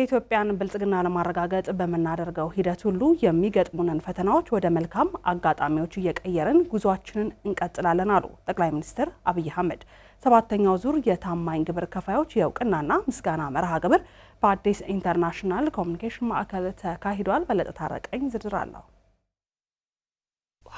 የኢትዮጵያን ብልጽግና ለማረጋገጥ በምናደርገው ሂደት ሁሉ የሚገጥሙንን ፈተናዎች ወደ መልካም አጋጣሚዎች እየቀየርን ጉዟችንን እንቀጥላለን አሉ ጠቅላይ ሚኒስትር አብይ አህመድ። ሰባተኛው ዙር የታማኝ ግብር ከፋዮች የእውቅናና ምስጋና መርሃ ግብር በአዲስ ኢንተርናሽናል ኮሚኒኬሽን ማዕከል ተካሂዷል። በለጠ ታረቀኝ ዝርዝር አለው።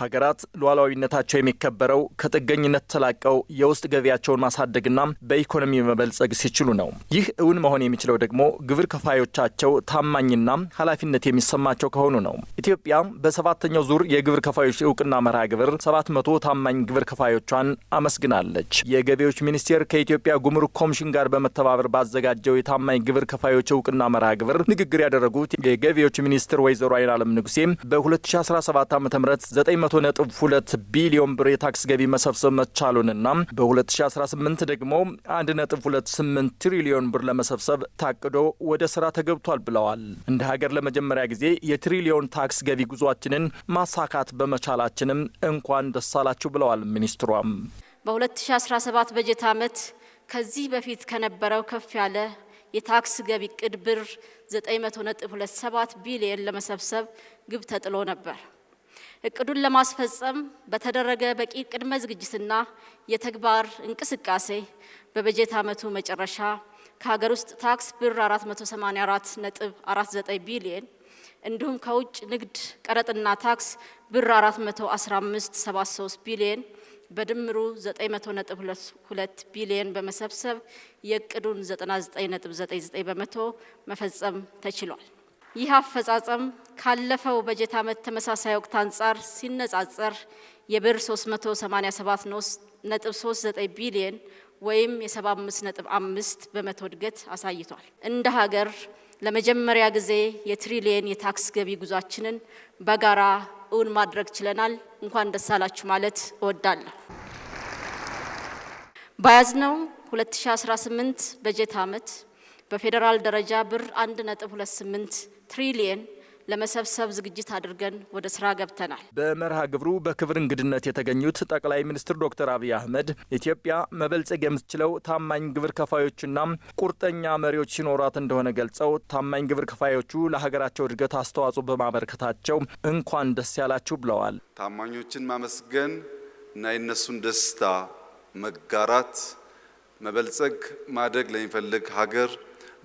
ሀገራት ሉዓላዊነታቸው የሚከበረው ከጥገኝነት ተላቀው የውስጥ ገቢያቸውን ማሳደግና በኢኮኖሚ መበልጸግ ሲችሉ ነው። ይህ እውን መሆን የሚችለው ደግሞ ግብር ከፋዮቻቸው ታማኝና ኃላፊነት የሚሰማቸው ከሆኑ ነው። ኢትዮጵያ በሰባተኛው ዙር የግብር ከፋዮች እውቅና መርሃ ግብር ሰባት መቶ ታማኝ ግብር ከፋዮቿን አመስግናለች። የገቢዎች ሚኒስቴር ከኢትዮጵያ ጉምሩክ ኮሚሽን ጋር በመተባበር ባዘጋጀው የታማኝ ግብር ከፋዮች እውቅና መርሃ ግብር ንግግር ያደረጉት የገቢዎች ሚኒስትር ወይዘሮ አይናለም ንጉሴ በ2017 ዓ ም ሁለት ቢሊዮን ብር የታክስ ገቢ መሰብሰብ መቻሉንና በ2018 ደግሞ 1.28 ትሪሊዮን ብር ለመሰብሰብ ታቅዶ ወደ ስራ ተገብቷል ብለዋል። እንደ ሀገር ለመጀመሪያ ጊዜ የትሪሊዮን ታክስ ገቢ ጉዟችንን ማሳካት በመቻላችንም እንኳን ደስ አላችሁ ብለዋል ሚኒስትሯም። በ2017 በጀት ዓመት ከዚህ በፊት ከነበረው ከፍ ያለ የታክስ ገቢ ቅድ ብር 900.27 ቢሊየን ለመሰብሰብ ግብ ተጥሎ ነበር። እቅዱን ለማስፈጸም በተደረገ በቂ ቅድመ ዝግጅትና የተግባር እንቅስቃሴ በበጀት ዓመቱ መጨረሻ ከሀገር ውስጥ ታክስ ብር 484 ነጥብ 49 ቢሊየን እንዲሁም ከውጭ ንግድ ቀረጥና ታክስ ብር 415.73 ቢሊየን በድምሩ 900.22 ቢሊየን በመሰብሰብ የእቅዱን 99.99 በመቶ መፈጸም ተችሏል። ይህ አፈጻጸም ካለፈው በጀት ዓመት ተመሳሳይ ወቅት አንጻር ሲነጻጸር የብር 387.39 ቢሊየን ወይም የ75.5 በመቶ እድገት አሳይቷል። እንደ ሀገር ለመጀመሪያ ጊዜ የትሪሊየን የታክስ ገቢ ጉዟችንን በጋራ እውን ማድረግ ችለናል። እንኳን ደስ አላችሁ ማለት እወዳለሁ። በያዝነው 2018 በጀት ዓመት በፌዴራል ደረጃ ብር 1.28 ትሪሊየን ለመሰብሰብ ዝግጅት አድርገን ወደ ስራ ገብተናል። በመርሃ ግብሩ በክብር እንግድነት የተገኙት ጠቅላይ ሚኒስትር ዶክተር አብይ አህመድ ኢትዮጵያ መበልጸግ የምትችለው ታማኝ ግብር ከፋዮችና ቁርጠኛ መሪዎች ሲኖሯት እንደሆነ ገልጸው ታማኝ ግብር ከፋዮቹ ለሀገራቸው እድገት አስተዋጽኦ በማበረከታቸው እንኳን ደስ ያላችሁ ብለዋል። ታማኞችን ማመስገን እና የነሱን ደስታ መጋራት መበልጸግ ማደግ ለሚፈልግ ሀገር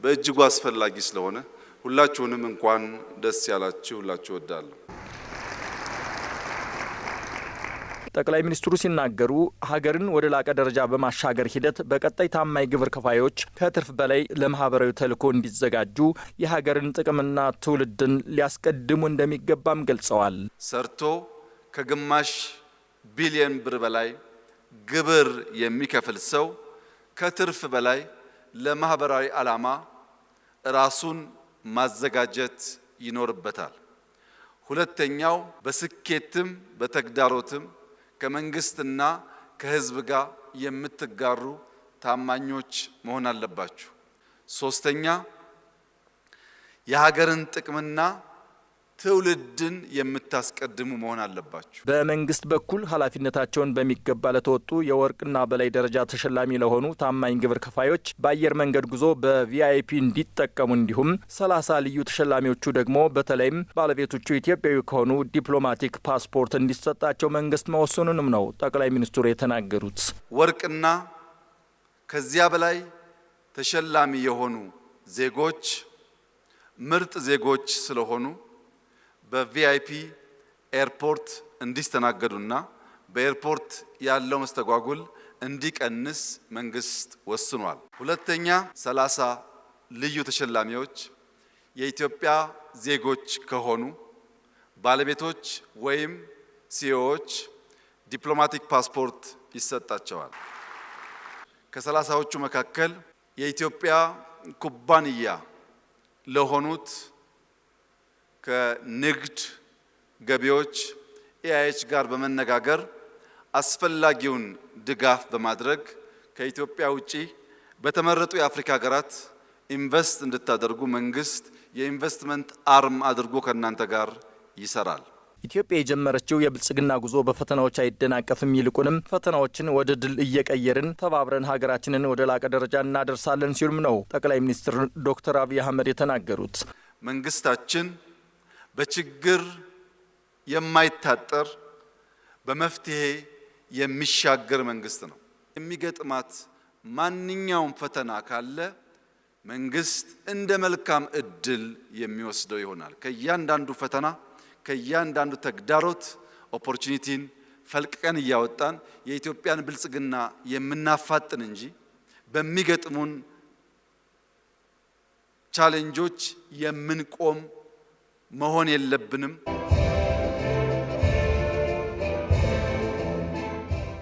በእጅጉ አስፈላጊ ስለሆነ ሁላችሁንም እንኳን ደስ ያላችሁ ሁላችሁ ወዳለሁ። ጠቅላይ ሚኒስትሩ ሲናገሩ ሀገርን ወደ ላቀ ደረጃ በማሻገር ሂደት በቀጣይ ታማኝ ግብር ከፋዮች ከትርፍ በላይ ለማህበራዊ ተልኮ እንዲዘጋጁ የሀገርን ጥቅምና ትውልድን ሊያስቀድሙ እንደሚገባም ገልጸዋል። ሰርቶ ከግማሽ ቢሊዮን ብር በላይ ግብር የሚከፍል ሰው ከትርፍ በላይ ለማህበራዊ ዓላማ ራሱን ማዘጋጀት ይኖርበታል። ሁለተኛው በስኬትም በተግዳሮትም ከመንግስትና ከህዝብ ጋር የምትጋሩ ታማኞች መሆን አለባችሁ። ሶስተኛ የሀገርን ጥቅምና ትውልድን የምታስቀድሙ መሆን አለባችሁ። በመንግስት በኩል ኃላፊነታቸውን በሚገባ ለተወጡ የወርቅና በላይ ደረጃ ተሸላሚ ለሆኑ ታማኝ ግብር ከፋዮች በአየር መንገድ ጉዞ በቪአይፒ እንዲጠቀሙ እንዲሁም ሰላሳ ልዩ ተሸላሚዎቹ ደግሞ በተለይም ባለቤቶቹ ኢትዮጵያዊ ከሆኑ ዲፕሎማቲክ ፓስፖርት እንዲሰጣቸው መንግስት መወሰኑንም ነው ጠቅላይ ሚኒስትሩ የተናገሩት። ወርቅና ከዚያ በላይ ተሸላሚ የሆኑ ዜጎች ምርጥ ዜጎች ስለሆኑ በቪአይፒ ኤርፖርት እንዲስተናገዱና በኤርፖርት ያለው መስተጓጉል እንዲቀንስ መንግስት ወስኗል። ሁለተኛ፣ 30 ልዩ ተሸላሚዎች የኢትዮጵያ ዜጎች ከሆኑ ባለቤቶች ወይም ሲዮዎች ዲፕሎማቲክ ፓስፖርት ይሰጣቸዋል። ከሰላሳዎቹ መካከል የኢትዮጵያ ኩባንያ ለሆኑት ከንግድ ገቢዎች ኤአይች ጋር በመነጋገር አስፈላጊውን ድጋፍ በማድረግ ከኢትዮጵያ ውጪ በተመረጡ የአፍሪካ ሀገራት ኢንቨስት እንድታደርጉ መንግስት የኢንቨስትመንት አርም አድርጎ ከእናንተ ጋር ይሰራል። ኢትዮጵያ የጀመረችው የብልጽግና ጉዞ በፈተናዎች አይደናቀፍም። ይልቁንም ፈተናዎችን ወደ ድል እየቀየርን ተባብረን ሀገራችንን ወደ ላቀ ደረጃ እናደርሳለን ሲሉም ነው ጠቅላይ ሚኒስትር ዶክተር አብይ አህመድ የተናገሩት። መንግስታችን በችግር የማይታጠር በመፍትሄ የሚሻገር መንግስት ነው። የሚገጥማት ማንኛውም ፈተና ካለ መንግስት እንደ መልካም እድል የሚወስደው ይሆናል። ከእያንዳንዱ ፈተና ከእያንዳንዱ ተግዳሮት ኦፖርቹኒቲን ፈልቅቀን እያወጣን የኢትዮጵያን ብልጽግና የምናፋጥን እንጂ በሚገጥሙን ቻሌንጆች የምንቆም መሆን የለብንም።